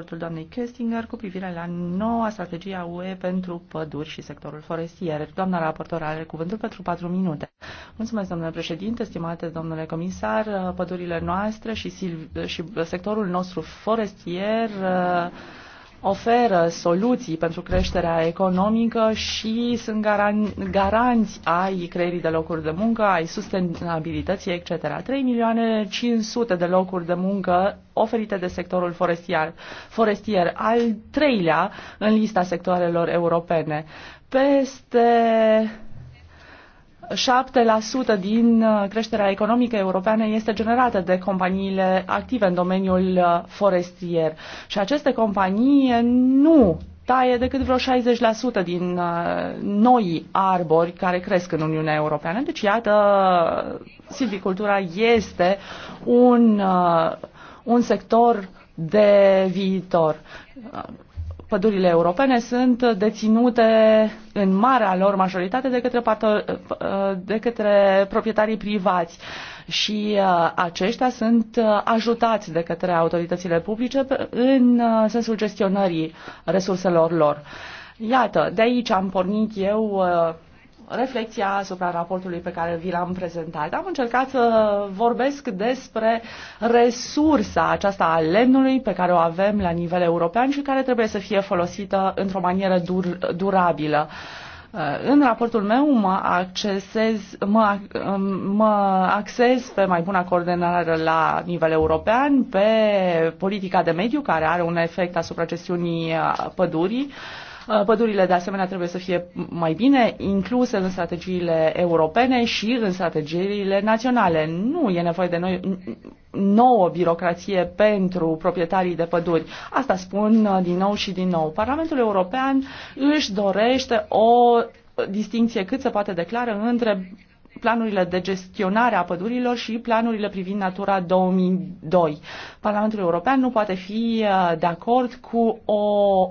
raportul doamnei Köstinger cu privire la noua strategie a UE pentru păduri și sectorul forestier. Doamna raportor are cuvântul pentru 4 minute. Mulțumesc, domnule președinte, stimate domnule comisar, pădurile noastre și, și sectorul nostru forestier uh, oferă soluții pentru creșterea economică și sunt garan- garanți ai creierii de locuri de muncă, ai sustenabilității, etc. 3 milioane 500 de locuri de muncă oferite de sectorul forestier, forestier al treilea în lista sectoarelor europene. Peste 7% din uh, creșterea economică europeană este generată de companiile active în domeniul uh, forestier și aceste companii nu taie decât vreo 60% din uh, noi arbori care cresc în Uniunea Europeană. Deci, iată, silvicultura este un, un sector de viitor pădurile europene sunt deținute în marea lor majoritate de către, pato- de către proprietarii privați și uh, aceștia sunt uh, ajutați de către autoritățile publice în uh, sensul gestionării resurselor lor. Iată, de aici am pornit eu reflexia asupra raportului pe care vi l-am prezentat. Am încercat să vorbesc despre resursa aceasta a lemnului pe care o avem la nivel european și care trebuie să fie folosită într-o manieră dur, durabilă. În raportul meu mă, accesez, mă, mă acces pe mai bună coordonare la nivel european, pe politica de mediu care are un efect asupra gestiunii pădurii, uh, Uh, pădurile, de asemenea, trebuie să fie mai bine incluse în strategiile europene și în strategiile naționale. Nu e nevoie de noi nouă birocrație pentru proprietarii de păduri. Asta spun uh, din nou și din nou. Parlamentul European își dorește o distinție cât se poate declară între planurile de gestionare a pădurilor și planurile privind Natura 2002. Parlamentul European nu poate fi uh, de acord cu o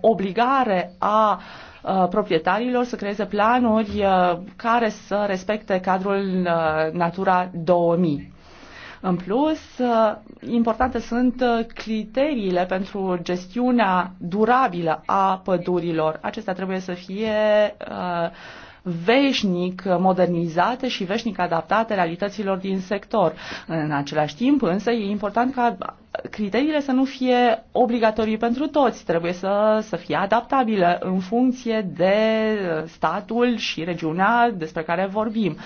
obligare a uh, proprietarilor să creeze planuri uh, care să respecte cadrul Natura 2000. În plus, importante sunt criteriile pentru gestiunea durabilă a pădurilor. Acestea trebuie să fie uh, veșnic modernizate și veșnic adaptate realităților din sector. În același timp, însă, e important ca criteriile să nu fie obligatorii pentru toți, trebuie să, să fie adaptabile în funcție de statul și regiunea despre care vorbim.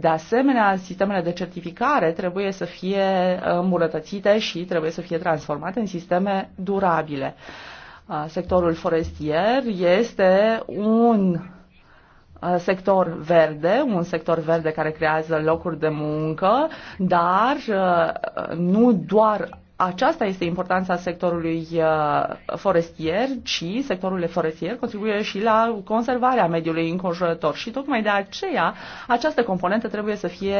De asemenea, sistemele de certificare trebuie să fie îmbunătățite și trebuie să fie transformate în sisteme durabile. Sectorul forestier este un Uh, sector verde, un sector verde care creează locuri de muncă, dar uh, nu doar aceasta este importanța sectorului uh, forestier, ci sectorul forestier contribuie și la conservarea mediului înconjurător. Și tocmai de aceea această componentă trebuie să fie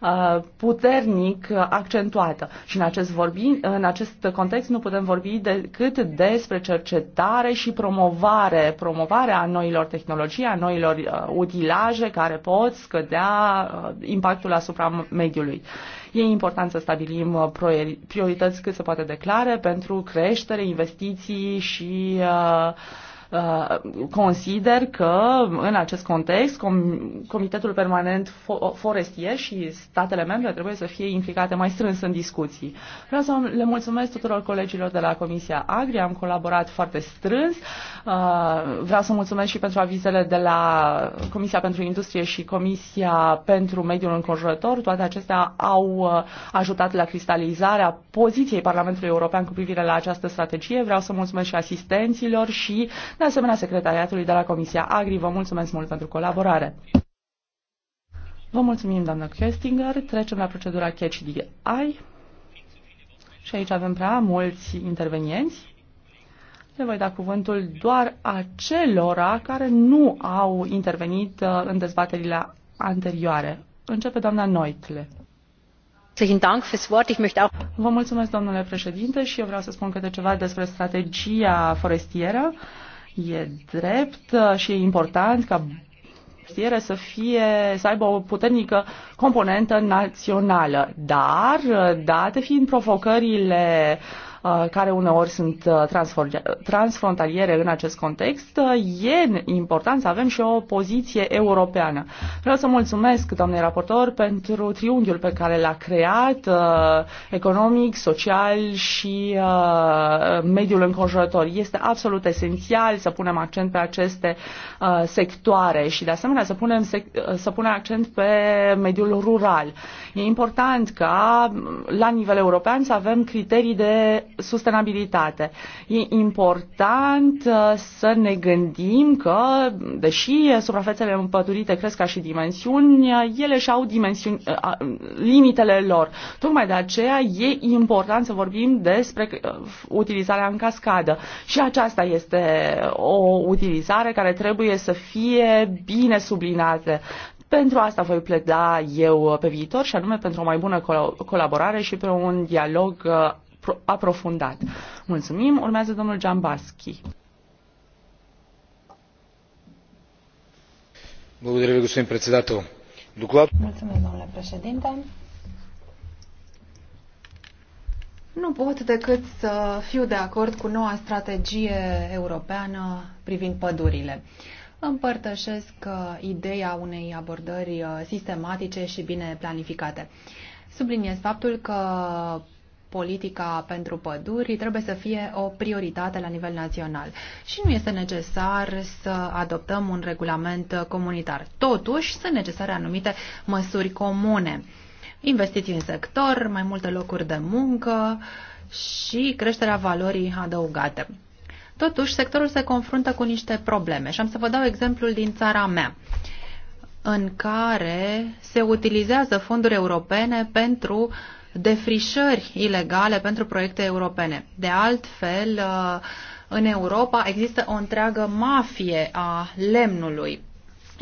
uh, puternic accentuată. Și în acest, vorbi, în acest context nu putem vorbi decât despre cercetare și promovare, promovarea noilor tehnologii, a noilor uh, utilaje care pot scădea impactul asupra mediului. E important să stabilim uh, priorități cât se poate declare pentru creștere, investiții și uh, Uh, consider că în acest context Comitetul Permanent Forestier și statele membre trebuie să fie implicate mai strâns în discuții. Vreau să le mulțumesc tuturor colegilor de la Comisia Agri, am colaborat foarte strâns. Uh, vreau să mulțumesc și pentru avizele de la Comisia pentru Industrie și Comisia pentru Mediul Înconjurător. Toate acestea au uh, ajutat la cristalizarea poziției Parlamentului European cu privire la această strategie. Vreau să mulțumesc și asistenților și de asemenea secretariatului de la Comisia Agri. Vă mulțumesc mult pentru colaborare. Vă mulțumim, doamnă Köstinger. Trecem la procedura Catch the Eye. Și aici avem prea mulți intervenienți. Le voi da cuvântul doar acelora care nu au intervenit uh, în dezbaterile anterioare. Începe doamna Noitle. Vă mulțumesc, domnule președinte, și eu vreau să spun câte ceva despre strategia forestieră. E drept uh, și e important ca știere să fie, să aibă o puternică componentă națională. Dar, uh, date fiind provocările uh, Uh, care uneori sunt uh, transfrontaliere în acest context, uh, e important să avem și o poziție europeană. Vreau să mulțumesc, doamnei raportor, pentru triunghiul pe care l-a creat economic, social și mediul înconjurător. Este absolut esențial să punem accent pe aceste sectoare și, de asemenea, să punem, să punem accent pe mediul rural. E important ca, la nivel european, să avem criterii de sustenabilitate. E important uh, să ne gândim că, deși suprafețele împăturite cresc ca și dimensiuni, ele și-au dimensiuni, uh, limitele lor. Tocmai de aceea e important să vorbim despre uh, utilizarea în cascadă. Și aceasta este o utilizare care trebuie să fie bine sublinată. Pentru asta voi pleda eu pe viitor și anume pentru o mai bună col- colaborare și pe un dialog aprofundat. Mulțumim. Urmează domnul Giambaschi. Mulțumesc, domnule președinte. Nu pot decât să fiu de acord cu noua strategie europeană privind pădurile. Împărtășesc uh, ideea unei abordări uh, sistematice și bine planificate. Subliniez faptul că politica pentru păduri trebuie să fie o prioritate la nivel național și nu este necesar să adoptăm un regulament comunitar. Totuși, sunt necesare anumite măsuri comune. Investiții în sector, mai multe locuri de muncă și creșterea valorii adăugate. Totuși, sectorul se confruntă cu niște probleme și am să vă dau exemplul din țara mea în care se utilizează fonduri europene pentru uh, defrișări ilegale pentru proiecte europene. De altfel, uh, în Europa există o întreagă mafie a lemnului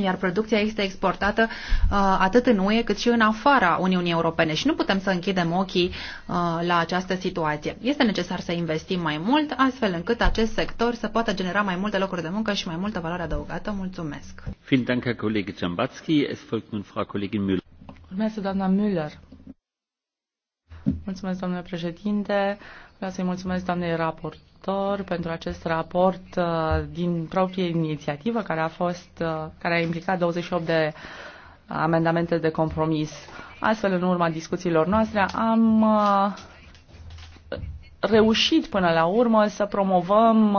iar producția este exportată uh, atât în UE cât și în afara Uniunii Europene și nu putem să închidem ochii uh, la această situație. Este necesar să investim mai mult astfel încât acest sector să poată genera mai multe locuri de muncă și mai multă valoare adăugată. Mulțumesc! Urmează doamna Müller. Mulțumesc, domnule președinte. Vreau să-i mulțumesc doamnei raportor pentru acest raport uh, din proprie inițiativă care a fost, uh, care a implicat 28 de amendamente de compromis. Astfel, în urma discuțiilor noastre, am uh, reușit până la urmă să promovăm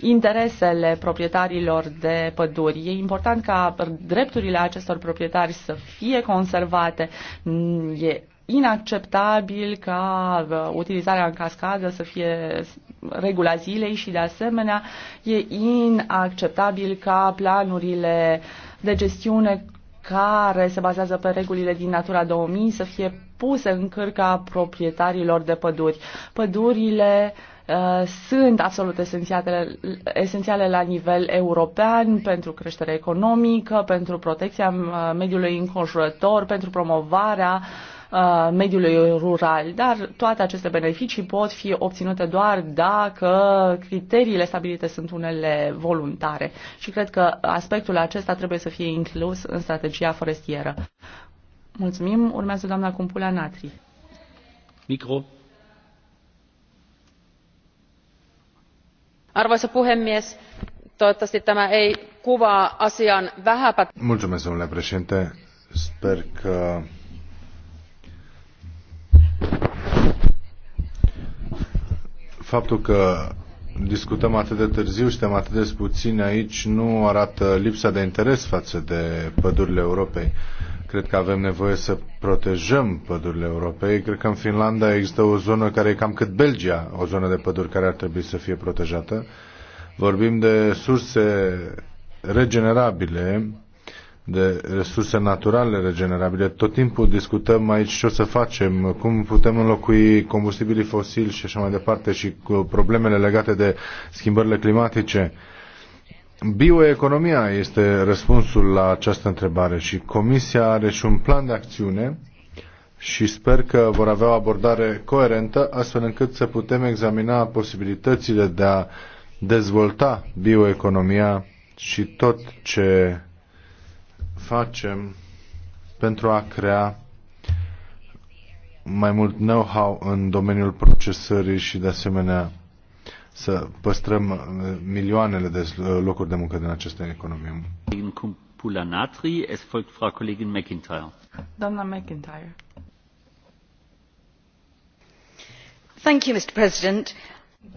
interesele proprietarilor de păduri. E important ca drepturile acestor proprietari să fie conservate. Mm, e inacceptabil ca uh, utilizarea în cascadă să fie regula zilei și de asemenea e inacceptabil ca planurile de gestiune care se bazează pe regulile din Natura 2000 să fie puse în cârca proprietarilor de păduri. Pădurile uh, sunt absolut esențiale, esențiale la nivel european pentru creștere economică, pentru protecția uh, mediului înconjurător, pentru promovarea uh, Uh, mediului rural, dar toate aceste beneficii pot fi obținute doar dacă criteriile stabilite sunt unele voluntare și cred că aspectul acesta trebuie să fie inclus în strategia forestieră. Mulțumim. Urmează doamna Cumpulea Natri. Micro. Arvoisa puhemies, toivottavasti tämä ei kuvaa asian vähäpä... Mulțumesc, domnule președinte. Sper că faptul că discutăm atât de târziu, suntem atât de puțini aici, nu arată lipsa de interes față de pădurile Europei. Cred că avem nevoie să protejăm pădurile Europei. Cred că în Finlanda există o zonă care e cam cât Belgia, o zonă de păduri care ar trebui să fie protejată. Vorbim de surse regenerabile, de resurse naturale regenerabile. Tot timpul discutăm aici ce o să facem, cum putem înlocui combustibilii fosili și așa mai departe și cu problemele legate de schimbările climatice. Bioeconomia este răspunsul la această întrebare și Comisia are și un plan de acțiune și sper că vor avea o abordare coerentă astfel încât să putem examina posibilitățile de a dezvolta bioeconomia și tot ce facem pentru a crea mai mult know-how în domeniul procesării și de asemenea să păstrăm milioanele de locuri de muncă din această economie. Doamna McIntyre. Thank you, Mr. President.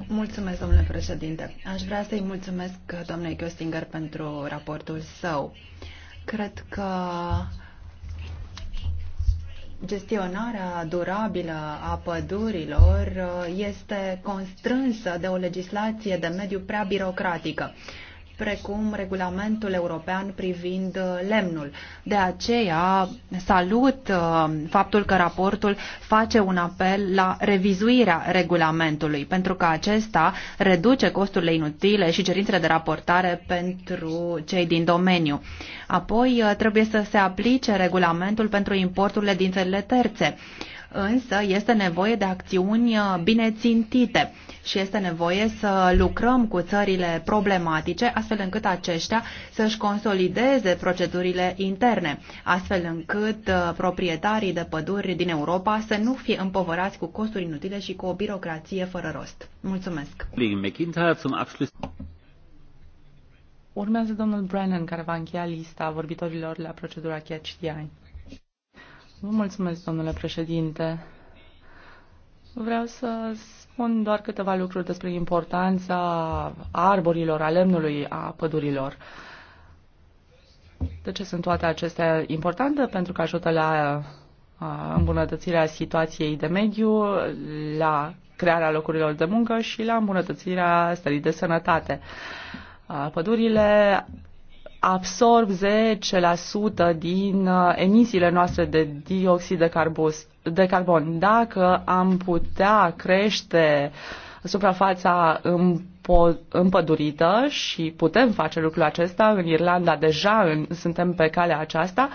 Mulțumesc, domnule președinte. Aș vrea să-i mulțumesc doamnei Köstinger pentru raportul său. Uh, Cred că gestionarea durabilă a pădurilor uh, este constrânsă de o legislație de mediu prea birocratică precum regulamentul european privind uh, lemnul. De aceea salut uh, faptul că raportul face un apel la revizuirea regulamentului, pentru că acesta reduce costurile inutile și cerințele de raportare pentru cei din domeniu. Apoi uh, trebuie să se aplice regulamentul pentru importurile din țările terțe însă este nevoie de acțiuni bine țintite și este nevoie să lucrăm cu țările problematice, astfel încât aceștia să-și consolideze procedurile interne, astfel încât uh, proprietarii de păduri din Europa să nu fie împovărați cu costuri inutile și cu o birocrație fără rost. Mulțumesc! Urmează domnul Brennan, care va încheia lista vorbitorilor la procedura Catch Vă mulțumesc, domnule președinte. Vreau să spun doar câteva lucruri despre importanța arborilor, a lemnului, a pădurilor. De ce sunt toate acestea importante? Pentru că ajută la îmbunătățirea situației de mediu, la crearea locurilor de muncă și la îmbunătățirea stării de sănătate. Pădurile absorb 10% din uh, emisiile noastre de dioxid de, carbos, de carbon. Dacă am putea crește suprafața împădurită și putem face lucrul acesta, în Irlanda deja în, suntem pe calea aceasta,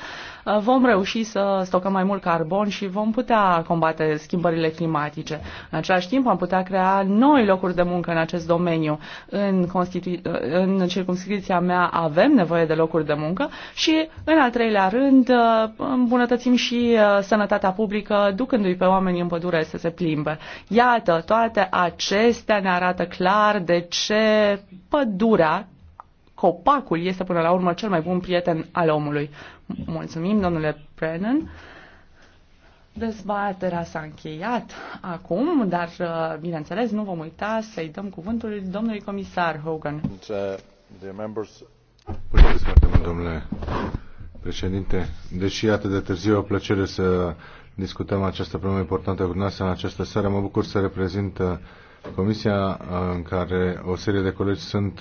Uh, vom reuși să stocăm mai mult carbon și vom putea combate schimbările climatice. În același timp am putea crea noi locuri de muncă în acest domeniu. În, constitu- uh, în circunscripția mea avem nevoie de locuri de muncă și, în al treilea rând, uh, îmbunătățim și sănătatea publică, ducându-i pe oamenii în pădure să se plimbe. Iată, toate acestea ne arată clar de ce pădurea, copacul, este până la urmă cel mai bun prieten al omului. Mulțumim, domnule Brennan. Dezbaterea s-a încheiat acum, dar, uh, bineînțeles, nu vom uita să-i dăm cuvântul domnului comisar Hogan. Mulțumesc domnule președinte. Deși atât de târziu, o plăcere să discutăm această problemă importantă cu dumneavoastră în această seară. Mă bucur să reprezint uh, comisia uh, în care o serie de colegi sunt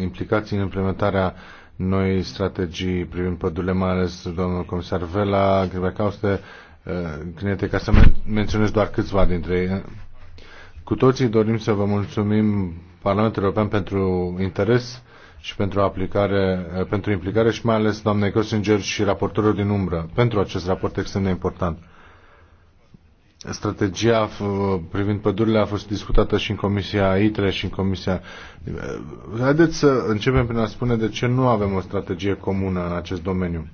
implicați în implementarea noi strategii privind pădurile, mai ales domnul comisar Vela, Gribacauste, eh, Crinete, ca să men menționez doar câțiva dintre ei. Cu toții dorim să vă mulțumim Parlamentul European pentru interes și pentru, aplicare, eh, pentru implicare și mai ales doamnei Kossinger și raportorul din umbră pentru acest raport extrem de important. Strategia uh, privind pădurile a fost discutată și în Comisia ITRE și în Comisia... Uh, haideți să începem prin a spune de ce nu avem o strategie comună în acest domeniu.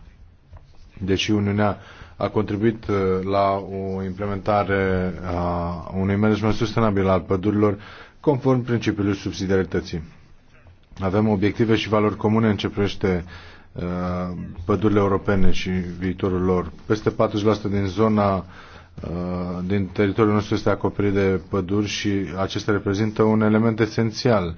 Deși Uniunea a contribuit uh, la o implementare a unui management sustenabil al pădurilor conform principiului subsidiarității. Avem obiective și valori comune în ce privește pădurile europene și viitorul lor. Peste 40% din zona Uh, din teritoriul nostru este acoperit de păduri și acesta reprezintă un element esențial.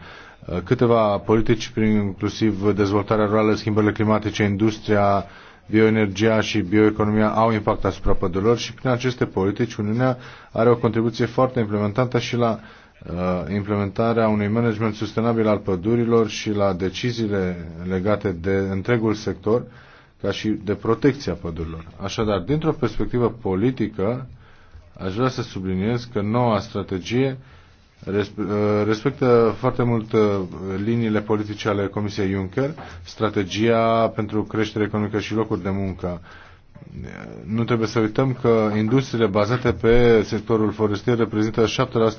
Uh, câteva politici, prin inclusiv dezvoltarea rurală, schimbările climatice, industria, bioenergia și bioeconomia au impact asupra pădurilor și prin aceste politici Uniunea are o contribuție foarte implementată și la uh, implementarea unui management sustenabil al pădurilor și la deciziile legate de întregul sector ca și de protecția pădurilor. Așadar, dintr-o perspectivă politică, aș vrea să subliniez că noua strategie uh, respectă foarte mult uh, liniile politice ale Comisiei Juncker, strategia pentru creștere economică și locuri de muncă. Nu trebuie să uităm că industriile bazate pe sectorul forestier reprezintă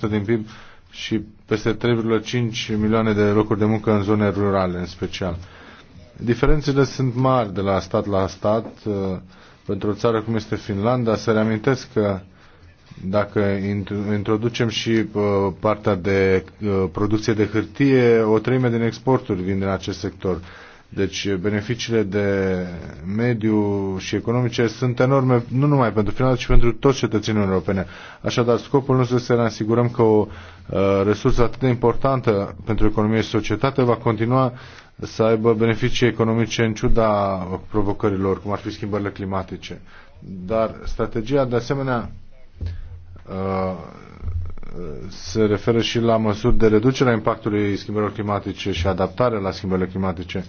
7% din PIB și peste 3,5 milioane de locuri de muncă în zone rurale, în special. Diferențele sunt mari de la stat la stat. Uh, pentru o țară cum este Finlanda, să reamintesc că dacă introducem și uh, partea de uh, producție de hârtie, o treime din exporturi vin din acest sector. Deci beneficiile de mediu și economice sunt enorme, nu numai pentru Finlanda, ci pentru toți cetățenii europene. Așadar, scopul nostru este să ne asigurăm că o uh, resursă atât de importantă pentru economie și societate va continua să aibă beneficii economice în ciuda provocărilor, cum ar fi schimbările climatice. Dar strategia, de asemenea, uh, se referă și la măsuri de reducere a impactului schimbărilor climatice și adaptare la schimbările climatice. Uh,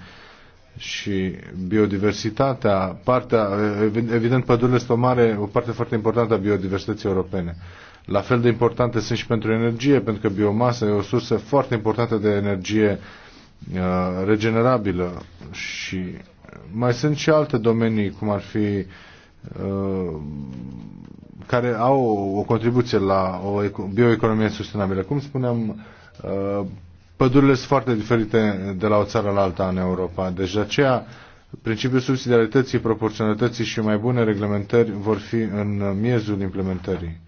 și biodiversitatea, partea, evident pădurile sunt o mare, o parte foarte importantă a biodiversității europene. La fel de importante sunt și pentru energie, pentru că biomasa e o sursă foarte importantă de energie uh, regenerabilă și mai sunt și alte domenii, cum ar fi uh, care au o contribuție la o bioeconomie sustenabilă. Cum spuneam, uh, pădurile sunt foarte diferite de la o țară la alta în Europa. Deci de aceea principiul subsidiarității, proporționalității și mai bune reglementări vor fi în miezul implementării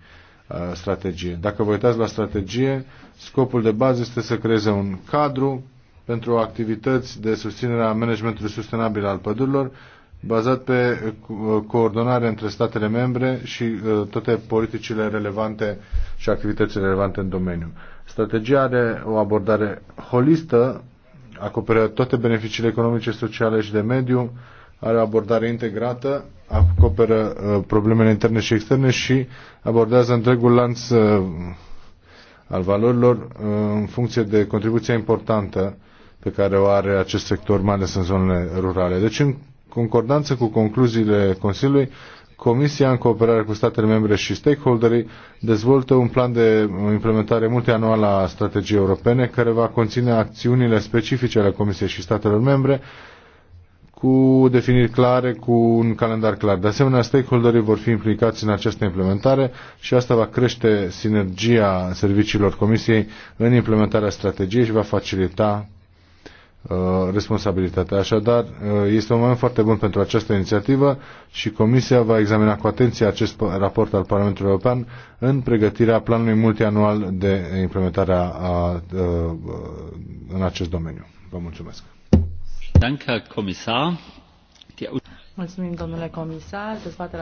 uh, strategiei. Dacă vă uitați la strategie, scopul de bază este să creeze un cadru pentru activități de susținere a managementului sustenabil al pădurilor, bazat pe uh, coordonare între statele membre și uh, toate politicile relevante și activitățile relevante în domeniu. Strategia are o abordare holistă, acoperă toate beneficiile economice, sociale și de mediu, are o abordare integrată, acoperă uh, problemele interne și externe și abordează întregul lanț uh, al valorilor uh, în funcție de contribuția importantă pe care o are acest sector, mai ales în zonele rurale. Deci, în concordanță cu concluziile Consiliului, Comisia, în cooperare cu statele membre și stakeholderii, dezvoltă un plan de implementare multianual a strategiei europene, care va conține acțiunile specifice ale Comisiei și statelor membre, cu definiri clare, cu un calendar clar. De asemenea, stakeholderii vor fi implicați în această implementare și asta va crește sinergia serviciilor Comisiei în implementarea strategiei și va facilita Uh, responsabilitatea. Așadar, uh, este un moment foarte bun pentru această inițiativă și Comisia va examina cu atenție acest raport al Parlamentului European în pregătirea planului multianual de implementare a, a, uh, în acest domeniu. Vă mulțumesc. Mulțumim, domnule comisar. Dezbaterea